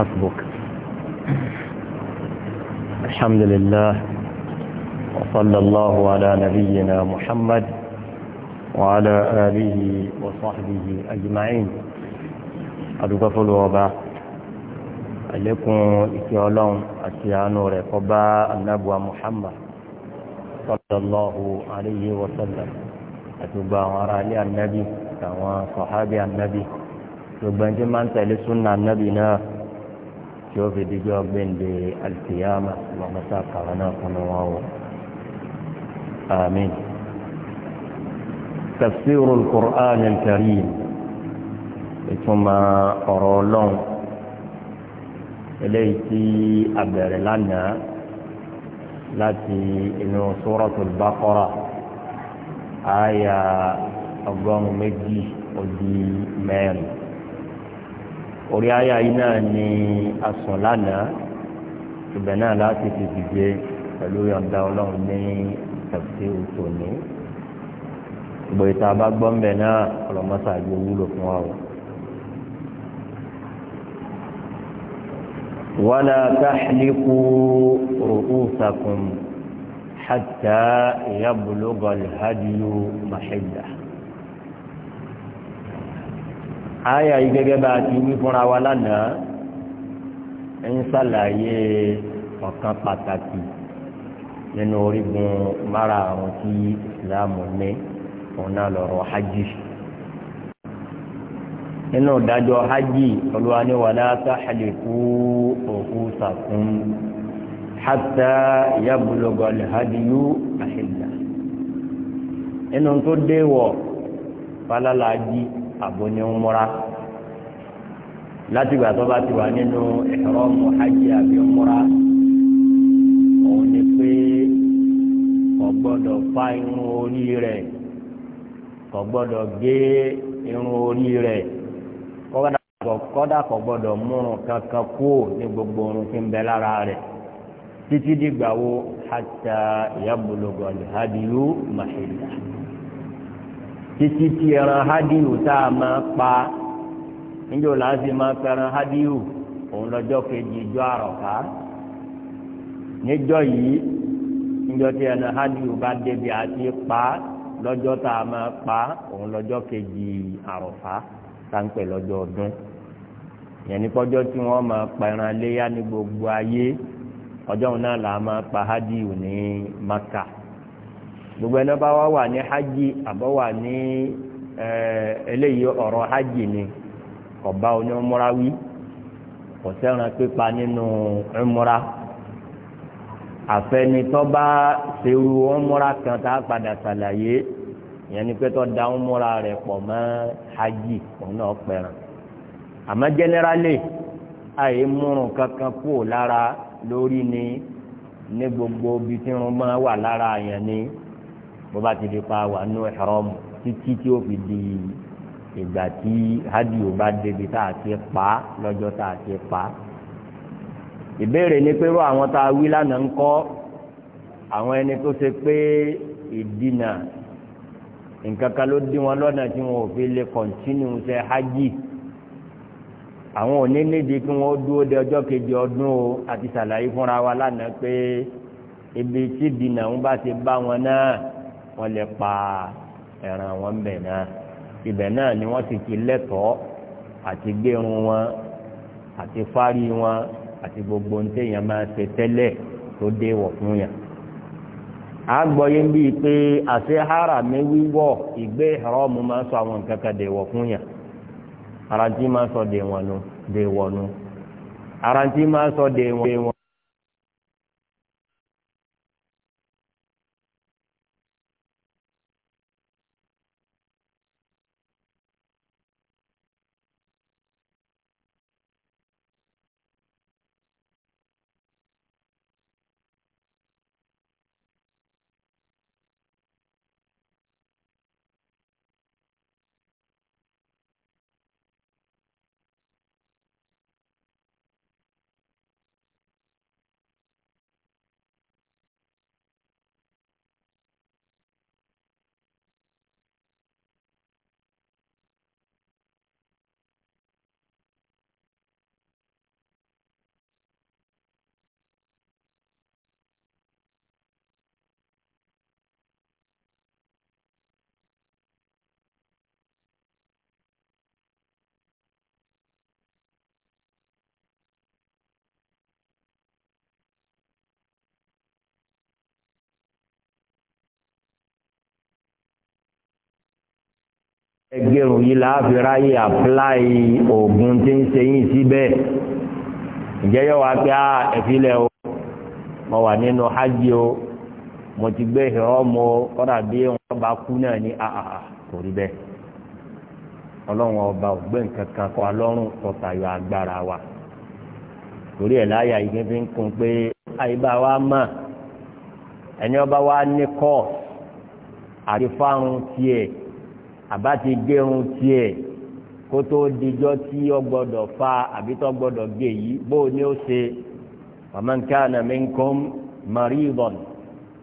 حسبك الحمد لله وصلى الله على نبينا محمد وعلى آله وصحبه أجمعين أدوكفل وبا عليكم إكيالون أتيانو رقبا النبوة محمد صلى الله عليه وسلم أتوبا وراء النبي وصحابي النبي gbogbo ẹni tí máa ń tí ó fi dijọ́ gbẹ̀ǹde alìkìyàmà lọ́mọ́sá kàwọn náà fún wọn o àmín. تفسير القرآن الكريم ثم أرولون إليتي أبر لنا láti inú Suratul Baqara àyà ọgọ́rùn-ún méjì ó di mẹ́rin orí àyà yìí náà ni asùn lánàá ibẹ̀ náà láti fi dìde pẹ̀lú yọ̀ǹda ọlọ́run ní ẹ̀fí òtòní gbogbo ìta bá gbọ́ mbẹ̀ náà ọlọ́mọ́sá yóò wúlò fún wa o. wala tahliqu ru'usakum hatta yablugha al-hadyu mahillahu àyà yìí gẹ́gẹ́ bá a ti wí fúnra wa lánàá ń ṣàlàyé ọ̀kan pàtàkì nínú orígun márààrún tí ìsìláàmù ní òun náà lọ́rọ̀ hajj nínú ìdájọ́ hajj olúwa ní wàlá tahliku ru'usakum hatta yablugha al-hadyu nínú tó déwọ̀ falálàájì àbò ní umura láti gbà tó bá ti wà nínú ihramu hajj àbí umura òun ni pé kò gbọ́dọ̀ fa irun orí rẹ̀ kò gbọ́dọ̀ gé irun orí rẹ̀ kọ́dà kò gbọ́dọ̀ múrun kankan kú ní gbogbo irun tí ń bẹ lára rẹ̀ títí dìgbà wo hatta yablugha al-hadyu mahillahu títí tí ẹran hádìrú tá a máa pa níjọ́ láti máa fẹ́ràn hádìrú òun lọ́jọ́ kejì ìjọ àrọ̀ká níjọ́ yìí níjọ́ tí ẹran hádìrú bá débi àti pa lọ́jọ́ tá a máa pa òun lọ́jọ́ kejì àrọ̀ká sáńpẹ̀ lọ́jọ́ ọdún yẹn ní kọjọ́ tí wọ́n máa pẹran léyà ní gbogbo ayé ọjọ́ náà là máa pa hádìrú ní maka gbogbo ẹni bá wá wà ní hajj àbọ̀ wà ní eléyìí ọ̀rọ̀ hajj ni ọba onímọ̀ra wí kò sẹ́ran pípa nínú ẹ̀mọ́ra àfẹnitọ́ bá ṣerú ọmọra kan tá a padà ṣàlàyé ìyẹn ni pé tó da ọmọra rẹ̀ pọ̀ mọ́ hajj òun náà pẹ̀ràn àmọ́ jẹ́nẹ́rálì àyè múrun kankan kúrò lára lórí ni ní gbogbo ibi tí wọ́n máa wà lára yẹn ni bó bá ti di pa wà nú ìhrámù títí tí ó fi di ìgbà tí hádìó bá débi tá a ti pa á lọ́jọ́ tá a ti pa á. ìbéèrè ni pé ró àwọn tá a wí lánàá ń kọ́ àwọn ẹni tó ṣe pé ìdínà nǹkan kan ló dín wọn lọ́nà tí wọn ò fi lè kọ̀ntínú ṣe hajj àwọn òní nídi kí wọn dúró de ọjọ́ kejì ọdún o àti ṣàlàyé fúnra wa lánàá pé ibi tí ìdínà ń bá ti bá wọn náà wọ́n lè pa ẹran wọn bẹ̀ náà ibẹ̀ náà ni wọ́n ti ti lẹ́tọ̀ọ́ àti gbẹ̀rún wọn àti fárí wọn àti gbogbo ntẹ̀yàn máa ṣe tẹ́lẹ̀ tó dé wọ̀ fún yàn. a gbọ́ yé bíi pé àṣẹ ìgbé máa sọ àwọn nǹkan kan dè wọ̀ sọ dè wọ̀nù dè wọ̀nù sọ dè wọ̀nù. ẹgbẹ̀rún yìí láàfi ráyè àpláì oògùn tí ń ṣe yín síbẹ̀ ìjẹ́yọ̀ wá pé á ah, ẹ̀fílẹ̀ o mo wà nínú hajj o mo ti gbé ìrọ́mọ kọ́dà bí wọ́n bá kú náà ní àhà ah, ah, kò rí bẹ́ẹ̀ ọlọ́run ọba ògbé nǹkan kan kọ́ alọ́run tọ́tayọ agbára wa torí ẹ̀ láyà ìgbín fi ń kún pé àyíbá wa mọ̀ ẹni ọba wa ní kọ́ àti fáwọn tiẹ̀ àbá ti gérun tiẹ̀ kó tó dijọ́ tí ó gbọ́dọ̀ fa àbí tó gbọ́dọ̀ gé yìí bó o ní ó ṣe faman kana minkum maridan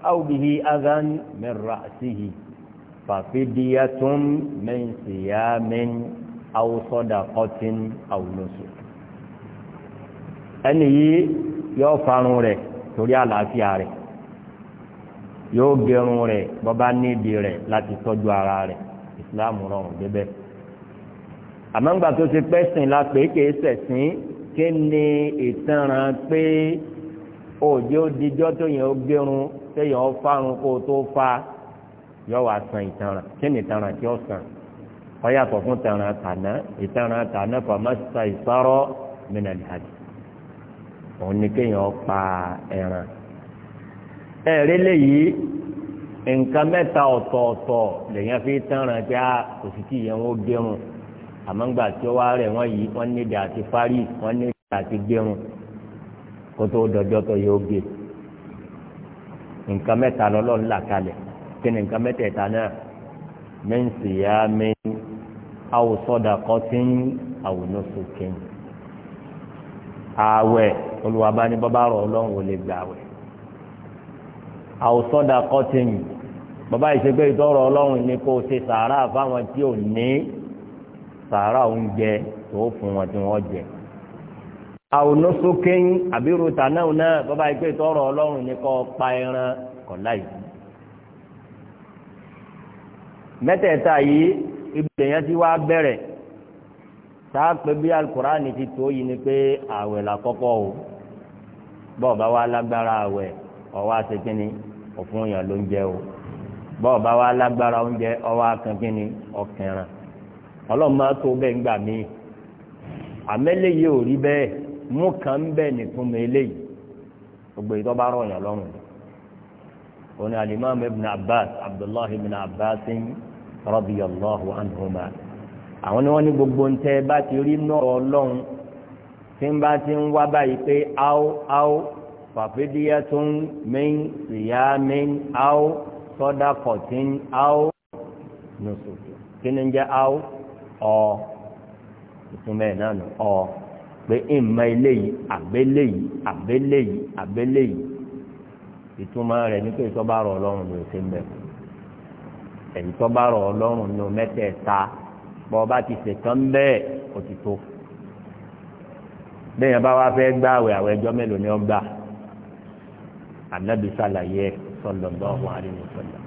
aw bihi adhan min ra'sihi fàfidíyàtún min siyamin aw sadaqatin aw nusuk ẹni yìí yóò farun rẹ̀ torí àlàáfíà rẹ̀ yóò gérun rẹ̀ bọ́bá nídìí rẹ̀ láti tọ́jú ara rẹ̀ islam rọrùn débẹ̀ àmọ́ ńgbà tó ti pẹ́ sìn la pé kì í sẹ̀sìn kí ni ìtanràn pé òjò dijọ́ tó yẹn ó gbérun téèyàn ó fárun kó o tó fa yọ wá san ìtanràn kí ni ìtanràn tí ó san ó yàtọ̀ fún ìtanràn tàná ìtanràn tàná fàmásà ìsárọ̀ mìíràn ìhàdì òun ni kéèyàn ó pa ẹran ẹ̀rí nǹkan mẹ́ta ọ̀tọ̀ọ̀tọ̀ lèyàn fi tánràn pé a ah, kò sì tí ìyẹn wọn gbẹrun àmọ́ ńgbà tí ó wá rẹ̀ wọ́n yìí wọ́n ní ìdá àti parí wọ́n ní ìdá àti gbẹrun kó tó dọjọ́ tó yẹ ó gbé nǹkan mẹ́ta lọ́lọ́run là kalẹ̀ kí ni nǹkan mẹ́tẹ̀ẹ̀ta náà mẹ́ǹsì yá mi àwòsọ̀dà kọ́tín àwòlọ́sọ̀kẹ́yìn ààwẹ̀ olùwàbánibọ́bá rọ̀ ọlọ́run ò lè gbà àwẹ̀ àwòsọ̀dà kọ́tín yìí bàbá ìṣègbè ìtọ́rọ̀ ọlọ́run ni kó o ṣe sàárà fáwọn tí ò ní sàárà oúnjẹ tó fún wọn tí wọ́n jẹ. àwòrán sókèyìn àbírò tànáà náà bàbá ìṣègbè ìtọ́rọ̀ ọlọ́run ni kó o pa ẹran kọ̀ọ̀lá yìí. mẹ́tẹ̀ẹ̀ta yìí ibùdó yẹn ti wá bẹ̀rẹ̀ sáà pé bí alukur'an ti tó yìí ni pé àwẹ̀ là kọ́kọ́ o bọ́ọ̀ bá wà lágbára àwẹ̀ ọ̀wá ṣe kínní òfun yàn ló ń jẹ́ o bọ́ọ̀ bá wa lágbára oúnjẹ ọwọ́ akànkín ni ọ̀kẹ́ràn ọlọ́run máa tó bẹ́ẹ̀ ń gbà míì àmẹ́lẹ́ yìí ò rí bẹ́ẹ̀ mú kàn bẹ́ẹ̀ nìkún mi eléyìí gbogbo ìtọ́ bá rọ̀ yàn lọ́rùn òní alimami ibn abbas abdullahi ibn abbas radiyallahu anhuma àwọn ni wọ́n ní gbogbo ń tẹ́ bá ti rí náà ọlọ́run tí ń bá ti ń wá báyìí pé áó áó fàfídíyà tún min siyamin áó sọ́dá kọ̀tín áó nùsù kí ni jẹ́ áó ọ ìtumẹ̀ náà nù ọ pé ìmọ̀ eléyìí àbẹ́lẹ́yìí àbẹ́lẹ́yìí àbẹ́lẹ́yìí ìtumọ̀ rẹ̀ ní pé ìtọ́ba rọ̀ ọlọ́run ló ṣe ń bẹ̀ ẹ̀yìn tọ́ba rọ̀ ọlọ́run ló mẹ́tẹ̀ẹ̀ta bọ́ ọba ti ṣètàn bẹ́ẹ̀ òtítọ́ bẹ́ẹ̀ yẹn bá wá fẹ́ gbáwẹ̀ àwẹ̀ ẹjọ́ mélòó ni ó gbà ànábì ṣàlàyé ẹ̀ sallallahu alaihi wasallam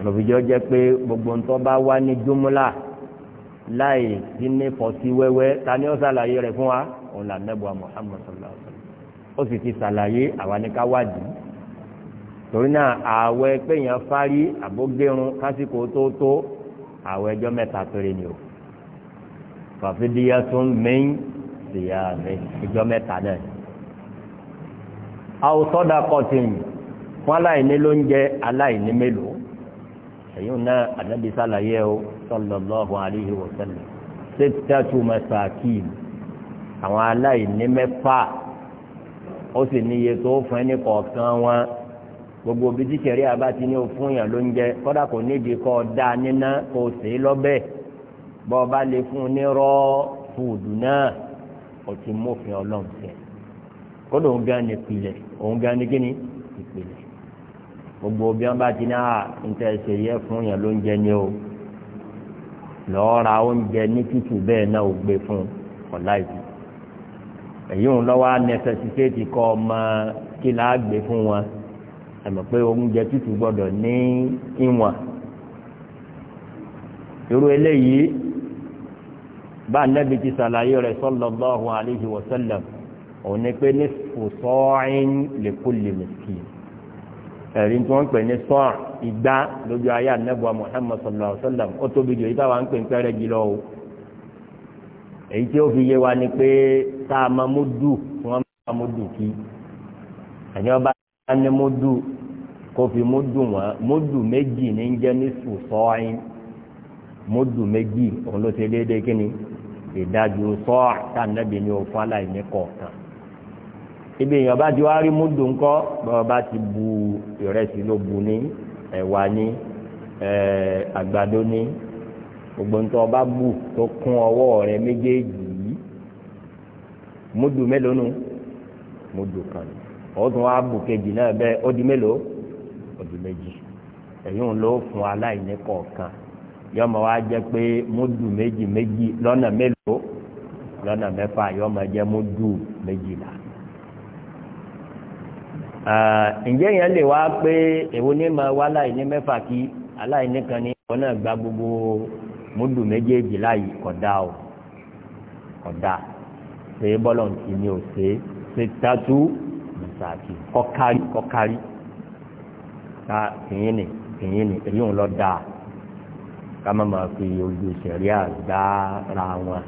ọ̀nàbìjọ́ jẹ́ pé gbogbo ń tọ́ bá wá ní jumla láì sí ní fọ́sí wẹ́wẹ́ ta ni ó ṣàlàyé rẹ̀ fún wa òun là nẹ́bùa Muhammad sallallahu alaihi wasallam ó sì ti ṣàlàyé àwa ní ká wádìí torí náà ààwẹ̀ péyàn fárí àbógérun kásìkò tó tó ààwẹ̀ ẹjọ́ mẹ́ta péré ni o fàfidíyà tó ń mẹ́yìn sí ààrẹ ẹjọ́ mẹ́ta náà àwòsọ́dà kọ́tìnì. fún aláìní ló ń jẹ aláìní mélòó ẹ̀yìn náà ànábi sàlàyé o sallallahu alaihi wa sallam sittatu masakin àwọn aláìní mẹ́fà ó sì níye tó fún ẹni kọ̀ọ̀kan wọn gbogbo bí tíṣẹ̀rí abáti ní òfún yàn ló ń jẹ kọ́dà kò níbi kọ́ da níná kò sí lọ́bẹ̀ bọ́ ọba lè fún un ní rọ́ náà ó ti mófin ọlọ́run sẹ́ẹ̀ kọ́dà òun gan ni ìpìlẹ̀ òun gan ni gíní ìpìlẹ̀ gbogbo bí wọn bá ti ní à níta ẹsẹ yẹ fún yẹn ló ń jẹ ní o lọ́ọ́ ra oúnjẹ ní tútù bẹ́ẹ̀ náà ò gbé fún ọ̀la ìlú èyí ń lọ́wọ́ nẹfẹsitéètì kọ́ ọmọ kí là á gbé fún wọn ẹ̀mọ̀ pé oúnjẹ tútù gbọ́dọ̀ ní ìwọ̀n irú eléyìí bá nẹ́bi ti sàlàyé rẹ̀ sallallahu alayhi wa sallam òun ni pé ní fòsọ́ọ̀ín li kulli miskin ẹ̀rí tí wọ́n ń pè ní sọ́ọ̀n ìgbà lójú ayé anábọ̀ Muhammad sallallahu alayhi wa sallam ó tóbi jù yíká wa ń pè ń pẹ́rẹ́ jù lọ o èyí tí ó fi yé wa ni pé tá a máa mú dù tí wọ́n máa mú dù kí àní ọba ní mú dù kó fi mú dù wọ́n mú dù méjì ní ń jẹ́ ní sùsọ́ọ̀in mú dù méjì òun ló ṣe déédéé kí ni ìdajì sọ́ọ̀ tá a nábì ní o fún aláìní kọ̀ọ̀kan ibi èèyàn bá ti wá rí múdù ńkọ́ bọ́ọ̀ ti bu ìrẹsì ló bu ní ẹ̀wà ní àgbàdo ní gbogbo nǹkan ọba bù tó kún ọwọ́ rẹ méjèèjì yìí múdù mélòó nù múdù kan ní ọ̀tún wa bù kejì náà bẹ́ẹ̀ ó di mélòó ó di méjì èyún ló fún aláìní kọ̀ọ̀kan yọmọ wa jẹ pé múdù méjì méjì lọ́nà mélòó lọ́nà mẹ́fà yọmọ jẹ múdù méjìlá ǹjẹ́ yẹn lè wá pé èwo ní ma wá láìní mẹ́fà kí aláìní kan ní ìwọ náà gba gbogbo múdù méjèèjì láàyè kódà o kódà pé bọ́lọ̀ ti ní o ṣe ṣe tatu mùsàkì kọ́kárí kọ́kárí ká tìyín ni tìyín ni èyí ń lọ dáa ká má máa fi ojú sẹ̀ríà dára wọn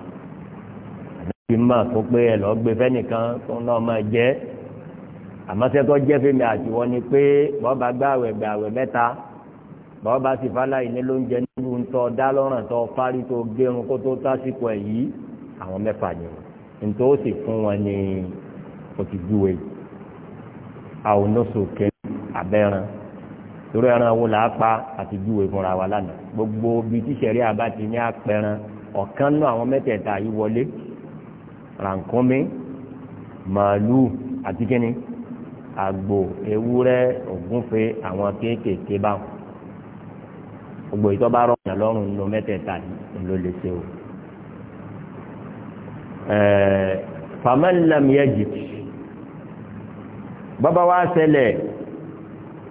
àbí mọ̀ tó pé ẹ lọ́ọ́ gbé fẹ́nìkan tó ń lọ́ọ́ máa jẹ́ àmọ́sẹ́ tó jẹ́ fèmí àtiwọ́ ni pé bọ́ọ̀bà gbá àwẹ̀ bẹ̀ àwẹ̀ mẹ́ta bọ́ọ̀bà sì fáláyé ní lóúnjẹ nílùú ń tọ́ dá lọ́rùn tó fárí tó gẹrun kó tó tásìkò ẹ̀ yìí àwọn mẹ́fà ni nítorí ó sì fún wọn ní òtìjúwe àwọn oníṣòkè abẹ́ran torí ẹran wo làá pa àtìjúwe fúnra wa lánàá gbogbo bí tíṣẹ̀rí àbá ti ní apẹran ọ̀kan náà àwọn mẹ́tẹ̀ẹ̀ta yìí wọlé rànkómi màálù àti kínní àgbò ewúrẹ́ ògúnfe àwọn kéékèèké báwọn gbogbo ìtọ́ bá rọrùn lọ́rùn nínú mẹ́tẹ̀ẹ̀ta yìí ló lè ṣe o. famallam yajid bàbá wa ṣẹlẹ̀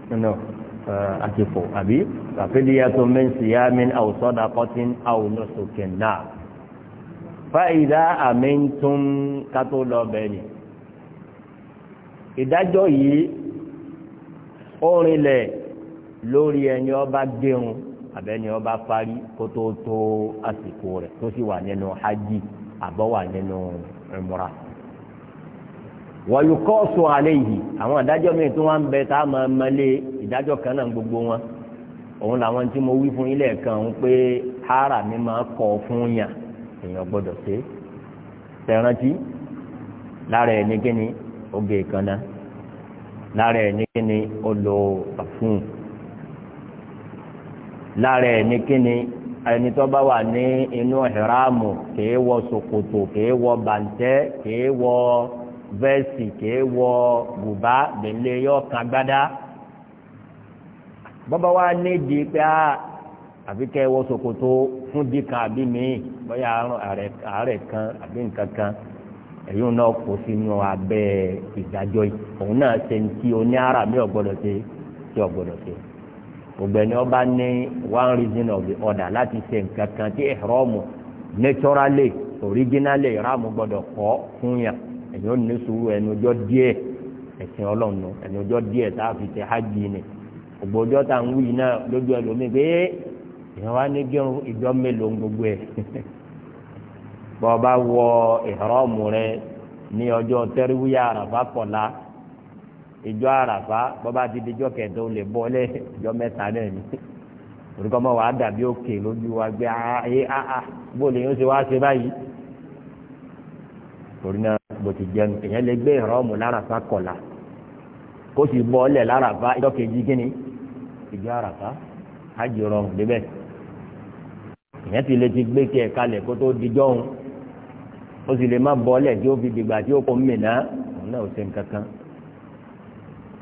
nínú àtìfò àbí àfẹ́lẹ́yàtọ̀ mẹ́sìyàmín aw sadaqatin aw nusukin náà fa idha amintum kátó lọ bẹ́ẹ̀ ni. ìdájọ́ yìí ó rinlẹ̀ lórí ẹni ọba gbẹrun àbẹ́ni ọba parí kó tó tó àsìkò rẹ̀ tó sì wà nínú hajj àbọ̀ wà nínú umrah wọ̀lùkọ́ sọ yìí àwọn ìdájọ́ mi tó wá ń bẹ tá a máa ìdájọ́ gbogbo wọn òun làwọn tí mo wí fún pé hara mi máa fún yàn èèyàn oge ìkànnà lára ẹ̀ ní ó lo pàfún lára ẹ̀ ní ẹni tó bá wà ní inú ìhìrámù kìí wọ ṣòkòtò kìí wọ bàǹtẹ́ kìí wọ vẹ́ẹ̀sì kìí wọ bùbá gbèlè yọ kan gbádá pé a àfi kẹ́ kan èyí náà kó sínú abẹ́ ìdájọ́ yìí òun náà ṣe ń tí oní ara mi ò gbọ́dọ̀ ṣe tí ò gbọ́dọ̀ ṣe ògbẹ́ni ọba ní one reason of the order láti ṣe nǹkan kan tí ìhrọ́mù naturally originally ìrámù gbọ́dọ̀ kọ́ fún yàn èyí ò ní sùúrù ẹnu ọjọ́ díẹ̀ ẹ̀sìn ọlọ́run ẹnu ọjọ́ díẹ̀ tá a fi ṣe hajj ni ògbọ́jọ́ tá à ń wí náà lójú ẹlòmíì pé ìyẹn wá ní gírun ìjọ mélòó gbogbo ẹ̀ bọ́ọ̀bá wọ ìhọ́rọ́mù rẹ ní ọjọ́ tẹ́rìwíyà àràfà kọ̀la ìjọ àràfà bọ́ọ̀bá ti di ìjọ kẹtọ́ lè bọ́ lẹ́ ìjọ mẹ́ta náà ni orúkọ mọ́ wàá dàbí òkè lójú wa gbé ayé ah, áá ah, eh, ah, bó lè yín ó ṣe wá ṣe báyìí torí náà bó ti jẹun èèyàn lè gbé ìhọ́rọ́mù láràfà kọ̀la kó sì bọ́ lẹ̀ láràfà ìjọ kejì gíní ìjọ àràfà hajj rọrùn débẹ̀ èèyàn ti lè ti gbé kí ẹ̀ kalẹ̀ kó tó dijọ́ òun ó sì lè má bọ́lẹ̀ tí ó fi dìgbà tí ó kó mìíràn òun náà ò ṣe nǹkan kan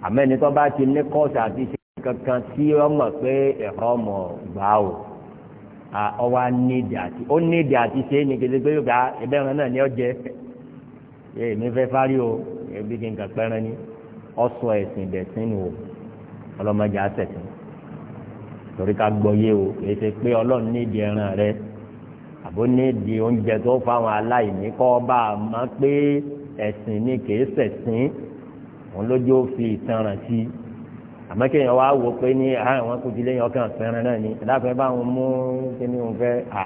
àmọ́ ẹni tó bá ti ní kọ́ọ̀sì àti ṣe nǹkan kan tí wọ́n mọ̀ pé ẹ̀kọ́ ọmọ gbà ó ọwọ́ nídìí àti ó nídìí àti ṣe é ní kété pé yóò ẹbẹ́ wọn náà ní ọjẹ́ èmi fẹ́ fárí o ẹbí kí n kà pẹ́rẹ́ ní ọ̀sọ̀ ẹ̀sìn ìdẹ̀sìn ni o ọlọ́mọdé àṣẹ̀sìn torí ká gbọ́ yé o kì í ṣe pé ọlọ́run nídìí ẹran rẹ̀ àbó ní di oúnjẹ tó fáwọn aláìní kọ́ bá a mọ̀ pé ẹ̀sìn ni kìí ṣẹ̀sìn òun lójú ó fi ìtanràn sí i àmọ́ kéèyàn wá wò pé ní àwọn kùtì lẹ́yìn ọkàn fẹ́ràn náà ni ẹ̀dáfẹ́ bá wọn mú kíní wọn fẹ́ à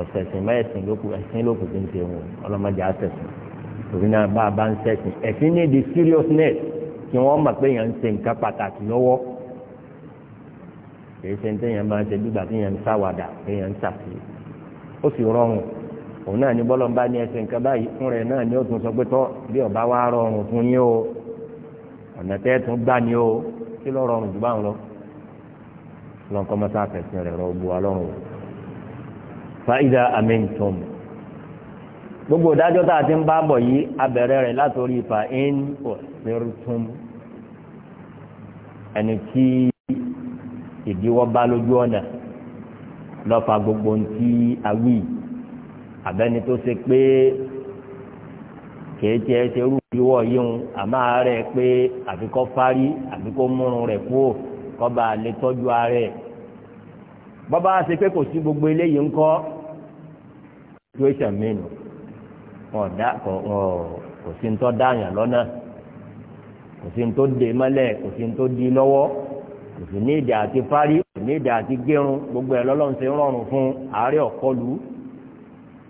ọ̀sẹ̀ ẹ̀sìn bá ẹ̀sìn lókù ẹ̀sìn lókù tó ń ṣe wọn ọlọ́mọdé àṣẹ̀sìn torí náà bá a bá ń ṣẹ̀sìn ẹ̀sìn ní di seriousness kí wọ́n mọ̀ pé èèyàn ń ṣe nǹkan pàtàkì lọ́wọ́ kìí ṣe ní téèyàn máa ń ṣe dùgbà téèyàn ń ṣàwàdà téèyàn ń ṣàfihàn ó sì rọrùn òun náà ní bọ́lọ̀ ń bá ní ẹsẹ̀ nǹkan báyìí fún rẹ̀ náà ni ó tún sọ pé tọ́ bí ọba wa rọrùn fún yín o ọ̀nà tẹ́ tún gbà ní o kí ló rọrùn jù báwọn lọ lọ́nkọ́ mọ́tà àfẹ̀sìn rẹ̀ rọ bu ọlọ́run o. fàídà amẹ́ntọ́m gbogbo ìdájọ́ tá a ti ń bá bọ̀ yìí abẹ̀rẹ̀ rẹ̀ látòrí ìfà in ọ̀sẹ̀rùtún ẹni tí ìdíwọ́ bá lójú ọ̀nà lọ́fà gbogbo ntí awí abẹ́ni tó ṣe pé kìí tiẹ̀ ṣe rú ìwọ yíyún àmọ́ ààrẹ pé àfi kọ́ parí àfi kó múrun rẹ̀ kúrò kọ́ba lè tọ́jú ààrẹ bọ́ba ṣe pé kò sí gbogbo eléyìí ńkọ́ situation mẹ́nu ọ̀dà kọ̀ ọ̀ kò sí ní tó dáàyàn lọ́nà kò sí ní tó dè mọ́lẹ̀ kò sí ní tó di lọ́wọ́ kò sì ní ìdí àti parí kò ní ìdí àti gérun gbogbo ẹ̀ lọ́lọ́run ṣe ń rọrùn fún àárẹ̀ ọ̀kọlù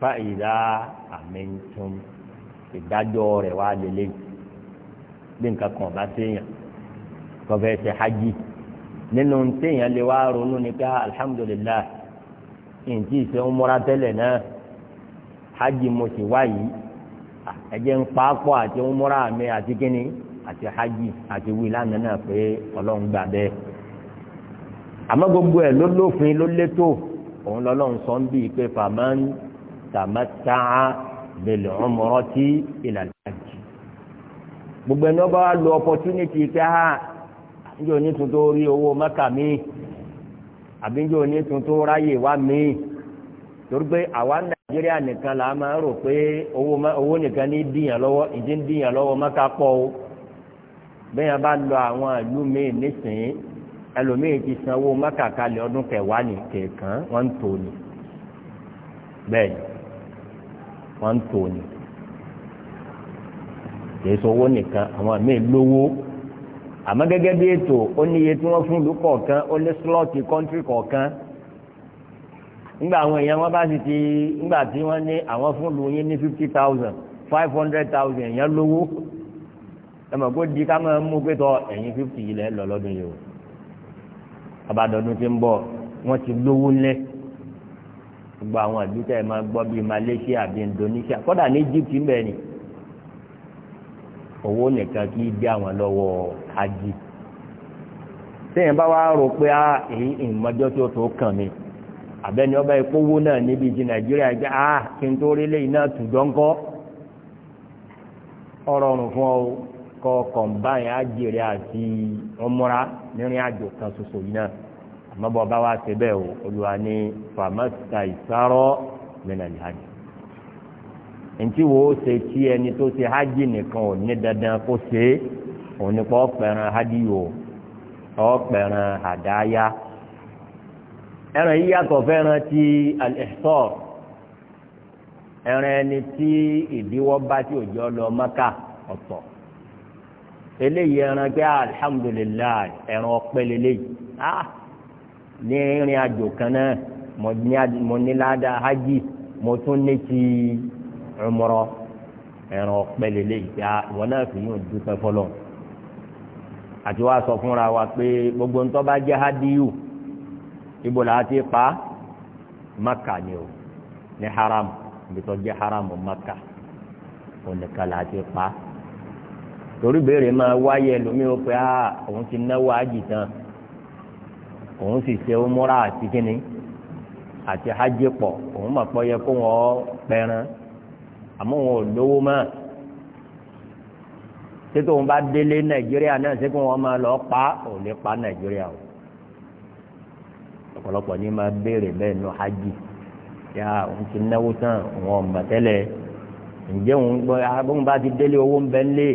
fa ìdá àmẹ́ntún ìdájọ́ rẹ̀ wá lélẹ̀ bí nǹkan kan bá téèyàn kọfẹ́ ṣe hajj nínú téèyàn lè wá ronú ní ká ah, alhamdulilayi nti ìṣe ń múra tẹ́lẹ̀ náà hajj mo sì wá yìí ah, ẹ̀jẹ̀ ń paapọ̀ àti ń múra mi àti kíni àti hajj àti wíìlànà náà pé ọlọ́run gbà bẹ́ẹ̀. àmọ́ gbogbo ẹ̀ ló lófin ló létò òun lọ́lọ́run sọ ń bíi pé fàmán tàmátà gbogbo ẹni ọba wa lo opportunity pé ha ah, níjọ ní tuntun rí owó mẹ́kà mi àbí níjọ ní tuntun ráyè wá mi torí pé àwa nàìjíríà nìkan là á máa rò pé owó nìkan ní dìyàn lọ́wọ́ ìdí ń dìyàn lọ́wọ́ pọ̀ o bẹ́ẹ̀ bá àwọn ìlú mi nísìnyí ẹlòmíì ti sanwó mọ́kàkalẹ̀ ọdún kẹwàá ní kẹ̀kan wọ́n ń tò ní bẹ́ẹ̀ wọ́n ń tò ní kìí sanwó nìkan àwọn míì lówó àmọ́ gẹ́gẹ́ bí ètò ó ní iye tí wọ́n fún ìlú kọ̀ọ̀kan ó ní slọ́ọ̀tì kọ́ńtírì kọ̀ọ̀kan ngba àwọn èèyàn wọn bá sì ti ngba tí wọ́n ní àwọn fún ìlú yín ní fifty thousand five hundred thousand èèyàn lówó ẹ mọ̀ kó di ká máa mú pé tọ ẹ̀yìn fifty yìí lẹ́ lọ lọ́dún yìí o. abádọ́dún ti ń bọ̀ wọ́n ti lówó lẹ́ gbogbo àwọn àdúgbò ẹ̀ máa gbọ́ bíi Malaysia bíi Indonesia kọ́dà ní Egypt ń bẹ̀ ni owó nìkan kì í dé àwọn lọ́wọ́ hajj sẹ́yìn bá wá rò pé á ah, èyí ìmọ̀jọ́ tí tó kàn mí àbẹ́ni ọba ìpówó náà níbi ti Nàìjíríà jẹ́ ah, á kí n tó rí lẹ́yìn náà tùjọ́ ńkọ́ ọ̀rọ̀ ọ̀rùn fún ọ kọ́ kọ̀ǹbáyìn ájèrè àti ọmọra nírìn àjò kan soso yìí náà àmọ́ bọ́ bá wá ṣe bẹ́ẹ̀ o olùwà ni fàmásìtà ìsárọ́ mẹ́nàlì hajj ntí wo ṣe tí ẹni tó ṣe hajj nìkan ò ní dandan kó ṣe é òun ni kò pẹ̀ràn hajj o ò pẹ̀ràn àdáyá ẹran yìí yàtọ̀ ti al-ihsar ẹran ẹni tí bá tí òjò lọ Mákà ọ̀tọ̀ eléyìí ẹran pé alihamudulilayi ẹran ọpẹ́ lélẹyìí ah ní ìrìn àjò kan náà mo ní ládàá hajj mo tún ní ti umrah ẹran ọpẹ́ lélẹyìí pé ah, ìwọ náà fi yóò dúpẹ́ fọlọ àti wàá sọ fúnra wa pé gbogbo ń tọ́ bá jẹ́ hadiyu ibo làá ti pa maka ni o ní haram ibi tó jẹ́ haram maka òun làá ti pa torí béèrè máa wáyé lómi ó pé ah òun ti náwó àjì tán òun sì ṣe múra àti kínní àti hajj pọ̀ òun mà pọ̀ yẹ kó wọ́n pẹran àmọ́ wọn ò lówó mọ́ títí òun bá délé nàìjíríà náà ṣé kí máa lọ pa ò lè pa nàìjíríà o ọ̀pọ̀lọpọ̀ ní máa béèrè bẹ́ẹ̀ nù hajj yà òun ti náwó tán òun ọ̀mọ̀tẹ́lẹ̀ ǹjẹ́ òun ah, bá ti délé owó ń bẹ́ẹ̀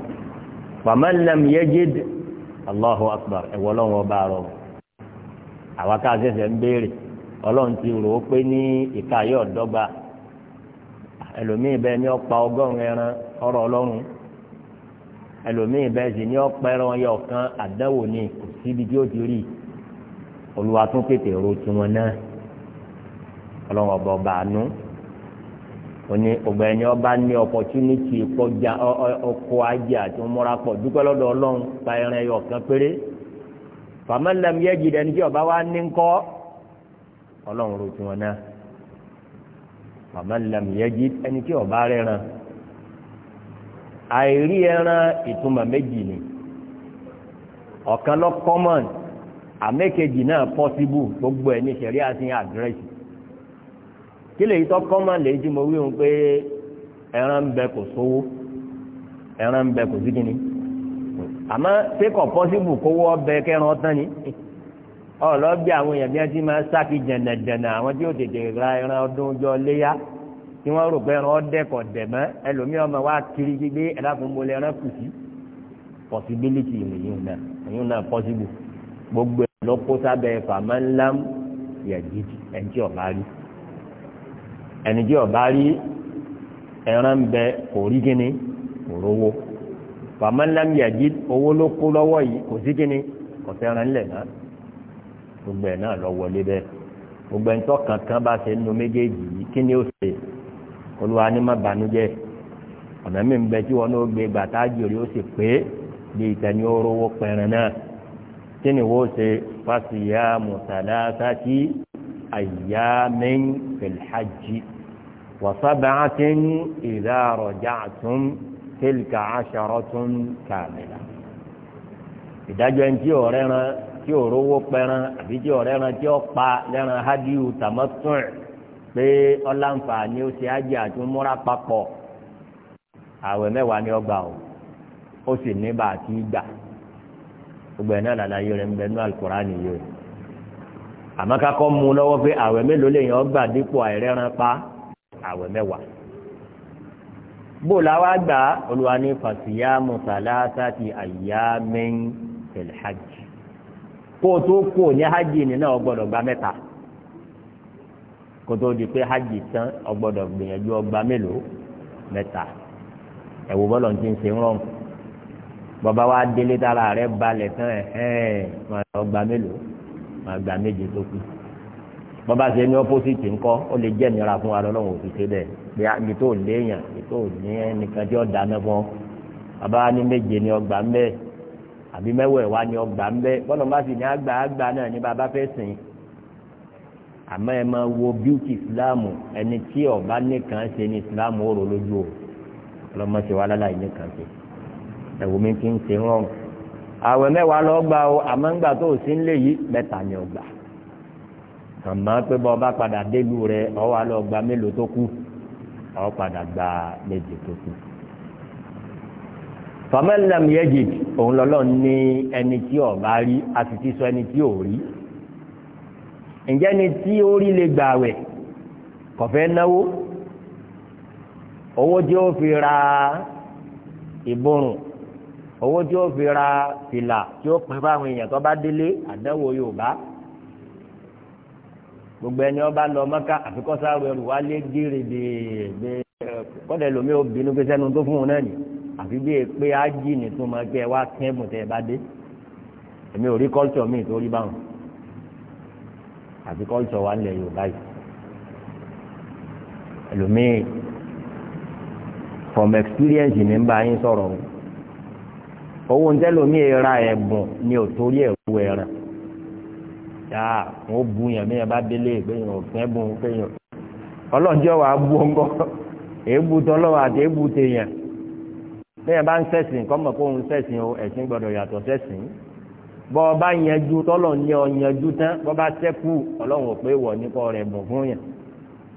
faman lam yajid allahu akbar ẹ̀wọ̀ ọlọ́run ọba rọ àwa ká ṣẹ̀ṣẹ̀ ń béèrè ọlọ́run ti rò ó pé ní ìka yóò dọ́gba ẹlòmíì bẹ́ẹ̀ ni ó pa ọgọ́rùn-ún ẹran ọ̀rọ̀ ọlọ́run ẹlòmíì bẹ́ẹ̀ sì ni ó ẹran ọyọ kan àdánwò ni kò síbi tí ó ti rí olùwà ro tiwọn náà ọlọ́run ọba ọba àánú òní ọgbà ẹni ọba ní opportunity kọjá ọkọ ajé àti múra pọ̀ dúpẹ́ lọ́dọ̀ ọlọ́run pa ẹran ẹyọ kan péré fàmẹ́lẹ́m yẹ jìdẹ ní tí ọba wa ní ńkọ́ ọlọ́run ro tiwọn náà fàmẹ́lẹ́m yẹ jí ẹni tí ọba rẹran àìrí ẹran ìtumọ̀ méjì ni ọ̀kan lọ common àmẹ́kejì náà possible gbogbo ẹ̀ ní sẹ̀rí àti àdírẹ́sì kí lèyí tó kọ́ máa lèyí tí mo wí òun pé ẹran ń bẹ kò sówó ẹran ń bẹ kò sí kíni àmọ́ ṣé kò kówó ọbẹ̀ kẹran tán ni ọlọ́bí àwọn èèyàn bí wọ́n ti máa sáàkì jẹ̀nàjẹ̀nà àwọn tí ó tètè ra ẹran ọdún ọjọ́ léyà tí wọ́n rò pé ẹran ọdẹ́kọ̀ dẹ̀mọ́ ẹlòmíràn máa wá kiri gbígbé ẹ̀dákùnbọ̀lẹ̀ ẹran kù sí possibility náà nìyí náà possible gbogbo ẹ̀ lọ́kọ́ sábẹ́ fàmánlám yẹ̀ jíjì ẹ̀ ń tí ọ̀ ẹni tí ọba rí ẹran bẹ kò rí kíni kò rówó fàmánlámi owó ló kó lọ́wọ́ yìí kò sí kíni kò fẹ́ràn náà gbogbo ẹ̀ náà lọ wọlé gbogbo ẹ̀ kankan bá ṣe nínú méjèèjì yìí kí ni ó ṣe olúwa ní má banújẹ́ ọ̀nà mi ń bẹ tí wọn ó gbé gbàtájì ó ayyamin fil hajji wa sab'atin idha raja'tum tilka 'asharatun kamila ìdájọ́ ẹni tí ọ̀rẹ́ ran tí ò rówó pẹran àbí tí ọ̀rẹ́ ran tí ó pa lẹ́ran hádìú tàmọ́tún pé ọ̀làǹfà ni ó ṣe ájì àti múra papọ̀ àwẹ̀ mẹ́wàá ni ọgbà o ó sì ní bá ti gbà gbogbo ẹ̀ náà làlàyé rẹ̀ ń bẹ ní al nìyẹn àmọ́ kakọ́ mu lọ́wọ́ pé àwẹ̀ mélòó lèyàn ọgbà dípò àìrẹ́ran pa àwẹ̀ mẹ́wàá bó làwa gbà olúwa ní fasiyamu salasati ayyamin fil hajj kó o tó kó o ní hajj nínú ọgbọ́dọ̀ gba mẹ́ta kó o tó di pé hajj tán ọgbọ́dọ̀ gbìyànjú ọgbà mélòó mẹ́ta ẹ̀wò bọ́lọ̀ ti ń ṣe ń rọrùn bàbá wa délé tára rẹ̀ balẹ̀ tán ẹ̀ ẹ̀ ọgbà mélòó máa gba méje tó kù bọ́ba ṣe ní ọ́pọ́sìtì ńkọ́ ó lè jẹ́ ìnira fún wa lọ́wọ́ òṣìṣẹ́ bẹ́ẹ̀ bí ibi tó léèyàn ibi tó ní ẹnìkan tí ó dáná fún ọ bàbá ní méje ní ọgbà ń bẹ́ẹ̀ àbí mẹ́wàá ẹ̀wá ní ọgbà ń bẹ́ẹ̀ bọ́lá bá sì ní àgbà àgbà náà ní bàbá fẹ́ sìn àmọ́ ẹ máa wo bíútì ìsìláàmù ẹni tí ọba nìkan ṣe ní ìsìláàmù ó rò lójú o ọlọ́mọ ṣe láláì nìkan ṣe ẹ̀wù mi ti ń ṣe rọrùn àwẹ̀ mẹ́wàá lọ gbà o àmọ́ ń gbà tó o sí ń lè yí mẹ́ta ni o gbà àmọ́ pé bọ́ ọba padà délu rẹ ọwọ́ alọ́ gba mélòó tó kù ọ padà gba méje tó kù. famelam yejid òun lọ́lọ́ ní ẹni tí ó bá rí a sì ti sọ ẹni tí ò rí ǹjẹ́ ni tí ó rí lè gbà wẹ̀ kò náwó owó tí ó fi ra ìborùn owó tí ó fi ra fìlà tí ó pin fáwọn èèyàn tó bá délé àdánwò yorùbá gbogbo ẹni ọba lọ mọ́ká àfikọ́sáwò ẹrù wá lé gírè bèèrè kọ́dẹ̀ lómi ó bínú pé sẹ́nu tó fún un náà nì àfi bí e pé ájì ní tó máa gbé wá kẹ́bùn tẹ́ ẹ bá dé èmi ò rí kọ́ltsọ̀ mi tó rí báwọn àfi kọ́ltsọ̀ wa lẹ̀ yorùbá yìí ẹlòmíì from experience ní n bá yín sọ̀rọ̀ o owó ń tẹ́lómi ra ẹ̀bùn ni ò torí ẹ̀ wú ẹran yàà wọn bu yàn bẹ́yàn bá délé bẹ́yàn òfin ẹ̀bùn bẹ́yàn ọlọ́njọ́ wàá bu ọgbọ́n èébù tọ́lọ́wọ́ àti èébù tèèyàn bẹ́yàn bá ń sẹ̀sìn kọ́mọ̀ kó ń sẹ̀sìn o ẹ̀sìn gbọ́dọ̀ yàtọ̀ sẹ̀sìn bọ́ ọ bá yanjú tọ́lọ̀ ní ọ yanjú tán bọ́ bá sẹ́kù ọlọ́run ò pé wọ̀ nípa ọ̀rẹ́ bùn fún yàn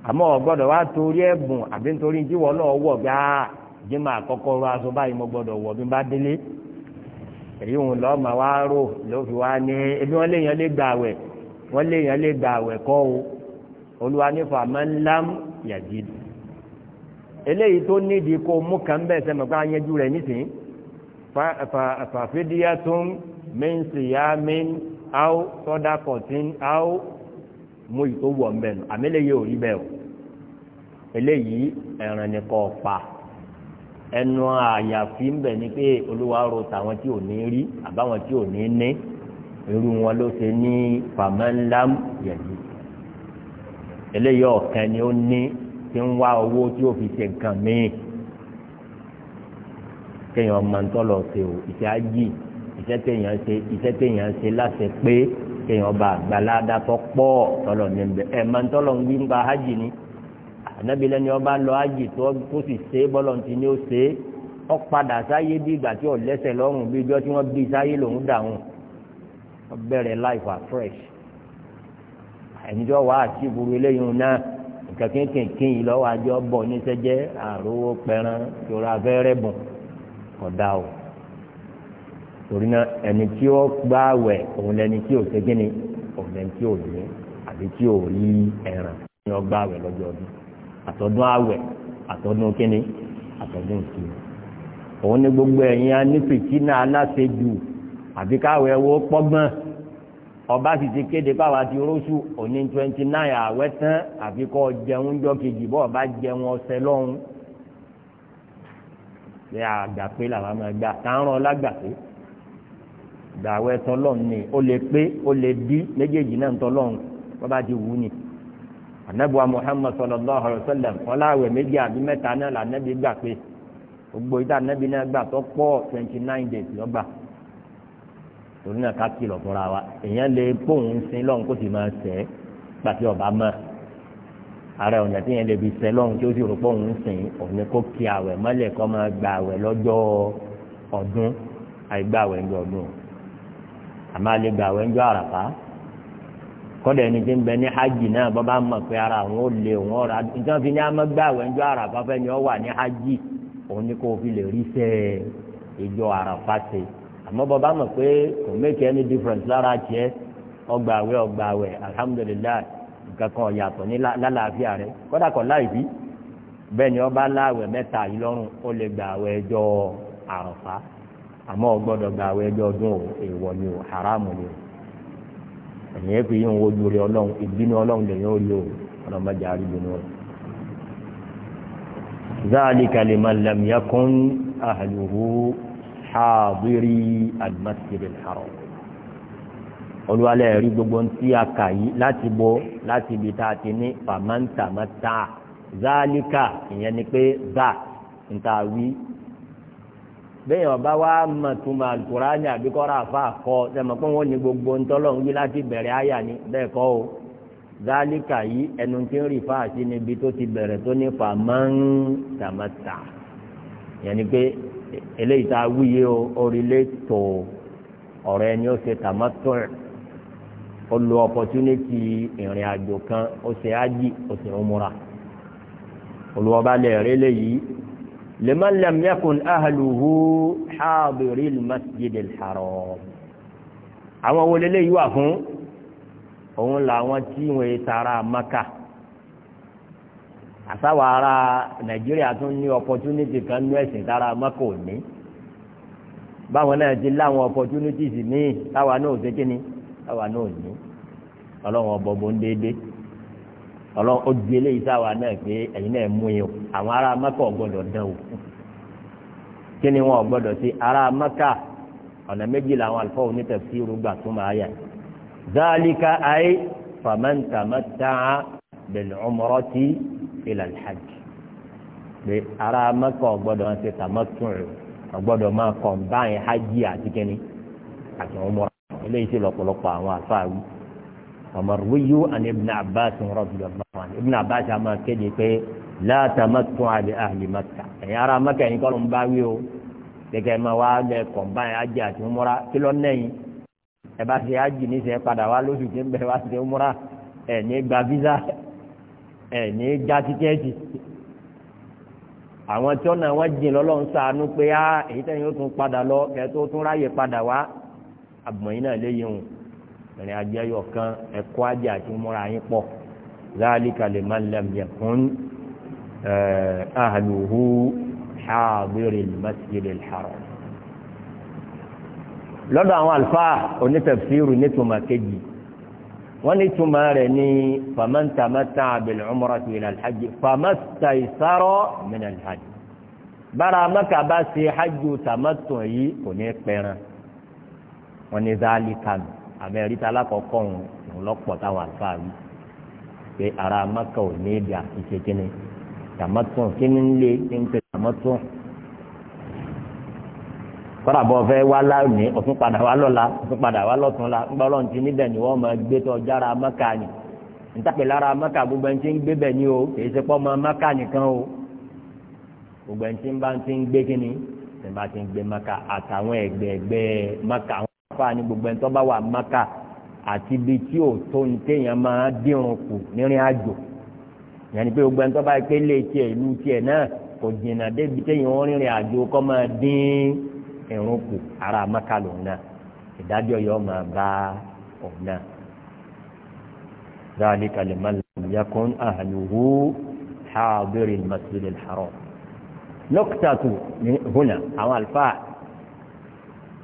àmọ́ ọ̀gbọ́dọ̀ wá torí ẹ̀bùn àbí nítorí jíwọ́ náà wọ̀ gbáà jẹ́ máa kọ́kọ́ rọ aṣọ báyìí mo gbọ́dọ̀ wọ̀ bí n bá délé èyí òun lọ́ọ́ máa wá rò ló fi wá ní ebi wọ́n léèyàn lè gbà wẹ̀ wọ́n léèyàn lè gbà wẹ̀ kọ́ o olúwa ní fàmà ńlám yàjid eléyìí tó nídìí kó mú kàn bẹ́ẹ̀ sẹ́mi pé àyẹ́jú rẹ̀ nísìnyí fàfidíyàtún min siyamin aw sọdakọtin aw mú ìtòwọ̀ mbẹ́nu àmì eléyìí ò rí bẹ́ẹ̀ o eléyìí ẹ̀ràn nìkan pa ẹnu àyàfi ń bẹ̀ ni pé olúwa ro tàwọn tí ò ní rí àbáwọn tí ò ní ní irú wọn ló ṣe ní fàmẹ́ńlám yẹ̀dí eléyìí ọ̀kan ni ó ní tí ń wá owó tí ó fi ṣe nǹkan míì kéèyàn máa ń tọ́lọ̀ ṣe o ìṣe ají ìṣe téèyàn ṣe ìṣe téèyàn ṣe láṣẹ pé kéèyàn bá àgbàlá dàtọ̀ pọ̀ tọ́lọ̀ níbẹ̀ ẹ̀ máa ń tọ́lọ̀ ń gbí ń ni ànábi lẹ́ni ọba lọ ájì tó kó sì ṣe é bọ́lọ̀ ti ní ó ṣe é ó padà sáyé bí ìgbà tí ò lẹ́sẹ̀ lọ́rùn bí ijọ́ tí wọ́n bí sáyé lòún dàrún ó bẹ̀rẹ̀ life afresh ẹnìjọ́ wàá àti ìbúrú eléyìí náà nǹkan kínkìnkín yìí lọ́wọ́ àjọ bọ̀ níṣẹ́jẹ́ àrówó pẹran ìṣòro afẹ́rẹ́ bùn kódà o torí náà ẹni tí ó gbá wẹ̀ òun lẹni tí ò ṣe gíní òun lẹni tí ò ní àbí tí ò rí ẹran ni ó gbá wẹ̀ lọ́jọ́ ọdún àtọ̀dún àwẹ̀ àtọ̀dún kínní àtọ̀dún ìsìn òun ni gbogbo ẹ̀yin anífìtínà aláṣejù àbí káwẹ̀ wo pọ́gbọ́n ọba sì ti kéde páwa ti róṣù òní twenty nine àwẹ̀ tán àfi kọ́ jẹun jọ kejì bọ́ ọba jẹun ọ̀sẹ̀ lọ́hùn ṣe àgbàpé làwọn máa gbà táwọn ọlágbàpé gbàwẹ̀ tọlọ́run ni ó lè pé ó lè dí méjèèjì náà tọlọ́run bọ́ba ti wù ú ni anabiwa muhammad sallallahu alayhi wa sallam ọláwẹ méjì àbí mẹ́ta náà là anabi gbà pé gbogbo ìta anabi náà gbà tó pọ̀ twenty nine days lọ́gbà torí náà ká kìlọ̀ fúnra wa èèyàn lè pòun sin lọ́hùn kó sì máa sẹ́ pàṣẹ ọba mọ́ ara ọ̀nà tí yẹn lè fi sẹ́ lọ́hùn tí ó sì rò pòun sin òní kó kí àwẹ̀ mọ́lẹ̀ kó máa gba àwẹ̀ lọ́jọ́ ọdún àìgbà àwẹ̀ ń jọ ọdún àmọ́ gba àwẹ̀ ń jọ kọ́dọ̀ ẹni tí ń bẹ ní hajj náà bàbá mọ̀ pé ara àwọn ò lè òun ọ̀rọ̀ nǹkan fi ní àràfà fẹ́ ni ọ wà ní hajj òun ni kò fi lè rí sẹ́ ìjọ àràfà ṣe àmọ́ bàbá mọ̀ pé kò difference lára alhamdulilayi nǹkan kan ní lálàáfíà kọ́dà kọ́ láì bí bẹ́ẹ̀ ni ọba láwẹ̀ mẹ́ta yìí lọ́rùn ó lè ẹjọ́ àràfà àmọ́ ọgbọ́dọ̀ ẹjọ́ ọdún ni ò ni ò ẹ̀yìn ẹ̀kú yìí ń wojú rẹ ọlọ́run ìbínú ọlọ́run lèyìn ó lò ọ̀nà mẹ́jà àríbínú rẹ. ذلك لمن لم يكن أهله حاضري المسجد الحرام olùwàlẹ̀ rí gbogbo ń tí a kà yí láti bo láti ibi tá a ti ní fàmáǹtàmátà zálíkà ìyẹn ni pé zá ń ta wí bẹ́ẹ̀ ọba wa mọ̀ tó ma alukurani àbí kọ́ra àfa kọ́ sẹ́mi pé wọ́n ní gbogbo ntọ́lọ̀ ń yí láti bẹ̀rẹ̀ àyà ni bẹ́ẹ̀ kọ́ o zálíkà yìí ẹnu tí ń rí fáàsì níbi tó ti bẹ̀rẹ̀ tó ní fa máa ń tàmátà yẹn ni pé eléyìí tá a wúye o orílẹ̀ tó ọ̀rọ̀ ẹni ó ṣe tàmátà ó lo opportunity ìrìn àjò kan ó ṣe ájì ó ṣe òmùra olùwọ́ba lè rí eléyìí. لمن لم يكن ahluhu hadiril المسجد الحرام. àwọn wo lélẹ́yìí wà fún òun làwọn tí wọ́n yé tara maka àsáwọ̀ ara nàìjíríà tún ní opportunity kan ní ẹ̀sìn tara maka ò ní báwọn náà ti láwọn opportunities míì táwa náà ò ṣe kíni táwa náà ní ọlọ́run ọ̀bọ̀bọ̀ ń déédé ọlọ́run ó eléyìí táwa náà pé ẹ̀yin náà mú yín o àwọn ará maka ọ̀gbọ́dọ̀ dán o kí ni wọn gbọ́dọ̀ sí ará maka ọ̀nà méjì làwọn àlùfáà onítẹ̀síru gbà tó máa yà zálíkà ayé fàmẹ́ntàmẹ́tà bẹ̀lẹ̀ umrati ilal hajj pé ará maka ọ̀gbọ́dọ̀ wọn ṣe tàmọ́tún rẹ̀ ọ̀gbọ́dọ̀ máa kàn báyìí hajj àti kínní àti umra eléyìí sì lọ́pọ̀lọpọ̀ àwọn àlùfáà wí ọmọrúwíyú àni ibn abbas radiyallahu anhu ibn abbas àmọ́ kéde gẹ́gẹ́ ma wá lẹ kọ̀ǹbáyé ájì àti múra kí lọ nẹ́yìn ẹ bá ṣe ájì ní sẹ́ padà wá lóṣù tí ń bẹ̀rẹ̀ wá ṣe múra ẹ̀ ní gba visa ẹ̀ ní já tíkẹ́ẹ̀tì àwọn tí ọ̀nà wọn jìn lọ́lọ́ ń sàánú pé á èyí tẹ́yìn ó tún padà lọ ẹ̀ tó tún ráyè padà wá àbùmọ̀yìn náà léyìn o ìrìn àjò ẹyọ kan ẹ̀kọ́ ájì àti múra yín pọ̀ láàlíkà lè má lẹ́mìẹ̀kún ẹ̀ẹ́dàlùhù haadiri المسجد الحرام. lọ́dọ̀ àwọn àlùfáà onítafsíru nítumọ̀ kejì wọ́n ní túmọ̀ rẹ̀ ní famantamata bil umrati ila alhajj famastaisaro min alhajj bára maka bá ṣe hajj tamattu yìí kò ní pẹ́ran wọ́n ní zálíkà mi àmẹ́ríta alákọ̀ọ́kọ́ òun lọ́pọ̀ táwọn àlùfáà wí pé ara maka ò ní èdè àti ṣe kíni tàmátùn kí ni ń lé ní ń pè tàmátùn kọ́dà bọ́ fẹ́ wá lánìí ọ̀tún padà wá lọ́la ọ̀tún padà wá lọ́tún la ńgbà ọlọ́run ti níbẹ̀ ni wọ́n máa gbé tọ́ jára mọ́kà ni ntàpẹ̀ lára mọ́kà gbogbo ẹni tí ń gbé bẹ̀ ni o kì í ṣe pọ́ mọ́ mọ́kà nìkan o gbogbo ẹni tí ń bá ti ń gbé kí ni ẹ̀ bá ti ń gbé mọ́kà àtàwọn ẹ̀gbẹ́ ẹ̀gbẹ́ mọ́kà àwọn afa ni gbogbo ẹni tó bá wà mọ́kà àti ibi tí ò tó ní téèyàn máa dírun kù nírìn àjò yẹn ni pé gbogbo ẹni tó bá pé lé tiẹ̀ ìlú tiẹ̀ náà kò jìnnà débi téèyàn ń rìnrìn àjò kọ́ máa dín irun kù ara maka náà ìdájọ́ yọ máa bá òun náà. ذلك لمن لم يكن أهله حاضر المسجد الحرام نقطة هنا أو الفاء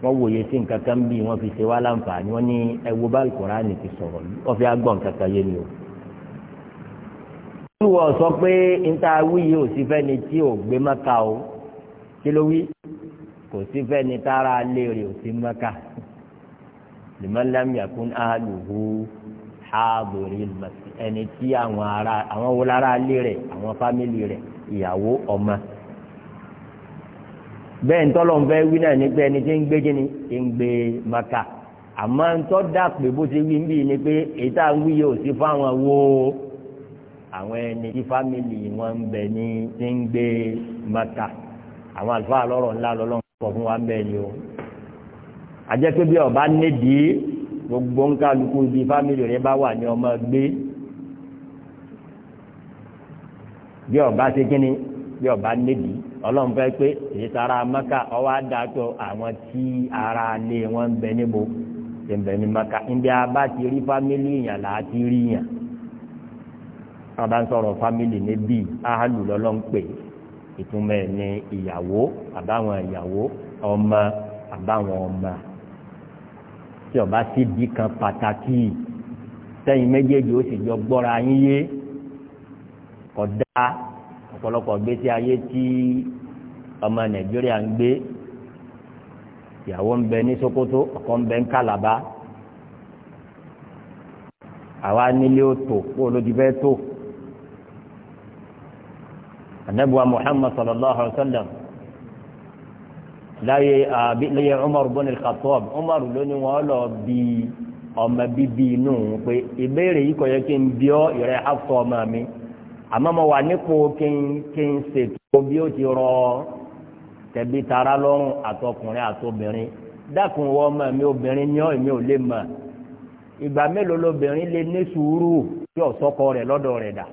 wọ́n wòye sí nǹkan kan bí wọ́n fi ṣe wá láǹfààní wọ́n ní ẹ̀wọ́ bá Al-Kùránì ti sọ̀rọ̀ wọ́n fi agbọ̀n kankan yé ni o wọ́n sọ pé níta wíyí ò sí fẹ́ni tí ò gbé mẹ́ka o kí ló wí kò sí fẹ́ni tára lé rè ò sí mẹ́ka limalam yakun aluhu haabori masi ẹni tí àwọn ará àwọn wo lára lé rẹ̀ àwọn fámìlì rẹ̀ ìyàwó ọmọ bẹ́ẹ̀ ntọ́lọ́n fẹ́ wí náà ní pé ẹni tí ń gbé kíni tí ń gbé mẹ́ka àmọ́ ntọ́ dà pé bó ti wí ń bì ní pé èyí tá à ń wí ò sí fáwọn wo àwọn ẹni tí fámìlì wọn ń bẹ ní ti ń gbé maka àwọn àlùfáà lọ́rọ̀ ńlá lọ́lọ́run kọ fún wa ń bẹ ni o àjẹ́ pé bí ọba nídìí gbogbo ń kálukú ibi fámìlì rẹ bá wà ní ọmọ gbé bí ọba ṣe kíni bí ọba nídìí ọlọ́run fẹ́ pé èyí sára maka ọwọ́ àdàtọ̀ àwọn tí ara lé wọn ń bẹ níbo ṣe ń bẹ ní maka ń bí a ti rí fámìlì yàn là rí yàn wọn bá ń sọ̀rọ̀ fámìlì níbí áhàlù lọ́lọ́ ń pè ìtumọ̀ ẹ̀ ní ìyàwó àbáwọn ìyàwó ọmọ àbáwọn ọmọ tí ó bá sì bí kan pàtàkì sẹ́yìn méjèèjì ó sì jọ gbọ́ra yín yé kódà ọ̀pọ̀lọpọ̀ gbèsè ayé tí ọmọ nàìjíríà ń gbé ìyàwó ń bẹ ní sokoto ọkọ ń bẹ ní kalaba àwa nílé ó tò kó ló ti fẹ́ tó anabuwa محمد صلى الله عليه وسلم láyé àbílẹ̀yẹ umar bin al-khattab umar ló ní wọ́n lọ bí ọmọ bíbí inú pé ìbéèrè yìí kò yẹ kí n bí ọ ìrẹ́ afọ ọmọ mi àmọ́ mo wà nípò kí n kí n ṣètò bí ó ti rọ tẹ̀bí tara lọ́rùn àtọkùnrin àtobìnrin dákun wọ ọmọ mi obìnrin ní ọ èmi ò lè mọ̀ ìgbà mélòó lobìnrin lè ní sùúrù tí ọ̀sọ́kọ rẹ̀ lọ́dọ̀ rẹ̀ dà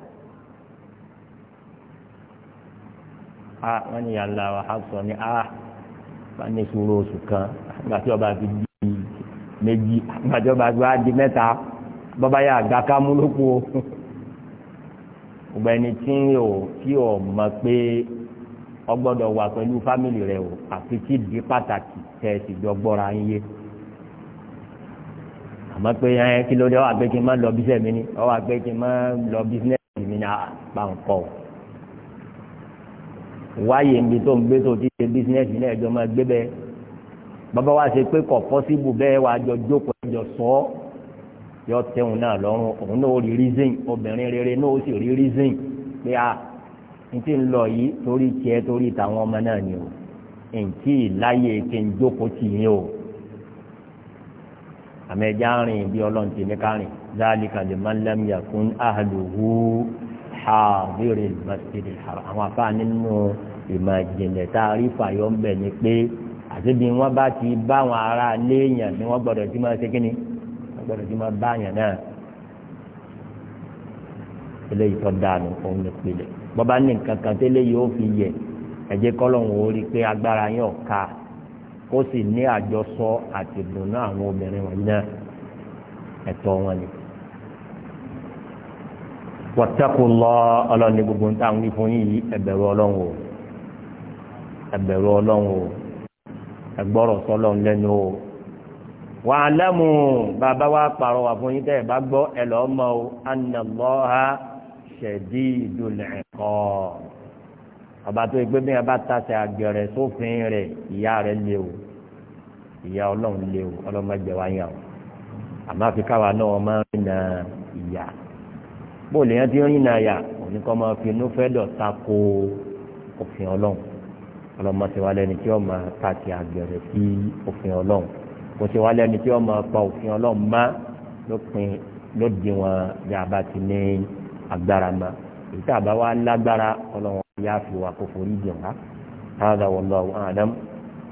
a ah, wọ́n ní yàrá wa a sọ ní a ah, bá ní sùúrù oṣù kan nígbà ọba fi di méjì nígbà ọba fi wá di mẹ́ta bàbá yà gba kámú lóko ọgbà ẹni tí ò tí ò mọ̀ pé ọ gbọ́dọ̀ wà pẹ̀lú fámìlì rẹ o àfi tí di pàtàkì tẹ̀ sì jọ gbọ́ra ń yé àmọ́ pé ẹ kí ló dé ọ wà pé kí n má lọ bísẹ̀ mi ni ọ wà pé kí n má lọ bísẹ̀ mi ni àpá nǹkan o wáyé ibi tó ń gbé tó ti ṣe bísínẹ́sì náà ẹjọ́ máa gbé bẹ́ẹ̀ bàbá wa ṣe pé kọ̀ pọ́síbù bẹ́ẹ̀ wà á jọ jókòó ẹjọ́ sọ ọ́ yọ tẹ̀hún náà lọ́rùn òun náà rí reason obìnrin rere náà ó sì rí reason pé a ah, n ti ń lọ yìí torí tiẹ̀ torí tàwọn ọmọ náà ni o ntí láyé kí n jókòó tì yín o àmẹ́jà rìn bí ọlọ́run ti ní ká rìn záàlì kàlẹ́ máa ń lẹ́mìyà fún àhàlùhù hàbírì masjid haram àwọn afáà nínú ìmọ̀ ìjìnlẹ̀ tá a rí fàyọ̀ ń bẹ̀ ni pé àti bí wọ́n bá ti bá àwọn ará léèyàn ni wọ́n gbọ́dọ̀ ti máa ṣe kíni wọ́n gbọ́dọ̀ ti máa bá àyàn náà eléyìí tó dànù òun ní pilẹ̀ bọ́bá ní nǹkan kan tẹ́lẹ̀ yóò fi yẹ ẹ̀jẹ̀ wattaqullah ọlọ́ni gbogbo ń ta wí fún yìí ẹ̀bẹ̀rù ọlọ́run o ẹ̀bẹ̀rù ọlọ́run o ẹ̀gbọ́rọ̀ sọlọ́run lẹ́nu o wa'lamu bàbá wa pàrọ̀ wà fún yín tẹ́ ẹ̀ bá gbọ́ ẹ̀ lọ́ọ́ mọ́ o anna Allaha shadidul iqab bàbá tó gbé bí wọn bá tasẹ̀ àgbẹ̀rẹ̀ sófin rẹ̀ ìyá rẹ̀ lé o ìyá ọlọ́run lé o ọlọ́mọdé wa yàn o àmọ́ àfikà wa náà ọmọ rìn náà ìyá bó lè yẹn ti rìn náà yà òní kọ́ máa fi inú fẹ́ dọ̀ ta ko òfin ọlọ́run ọlọ́run máa ṣe wá lẹ́ni tí ó máa ta kí àgbẹ̀rẹ̀ sí òfin ọlọ́run kò ṣe wá lẹ́ni tí ó máa pa òfin ọlọ́run má lópin lóde bí a bá ti ní agbára ma èyí bá wá lágbára ọlọ́run yá fi wà kó forí jìn wá. هذا والله أعلم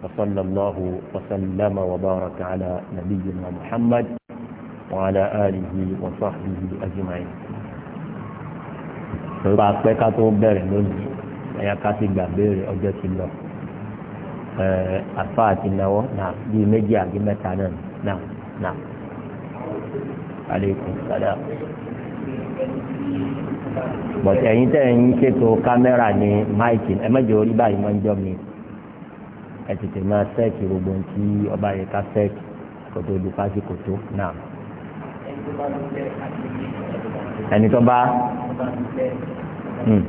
وصلى الله وسلم وبارك على نبينا محمد وعلى آله وصحبه أجمعين torí pa pẹ́ ká tó bẹ̀rẹ̀ lónìí ẹ̀yà ká ti gbà béèrè ọjọ́ ti lọ àfa àti náwó náà bíi méjì àbí mẹ́ta náà náà náà aleykum salaam bọ̀tẹ̀ ẹ̀yin tẹ̀ ń ṣètò kámẹ́rà ní máìkì ẹ mẹ́jọ orí báyìí máa ń jọ mi ẹ tètè máa gbogbo ọba ká sẹ́ẹ̀kì ẹni tó bá hmm.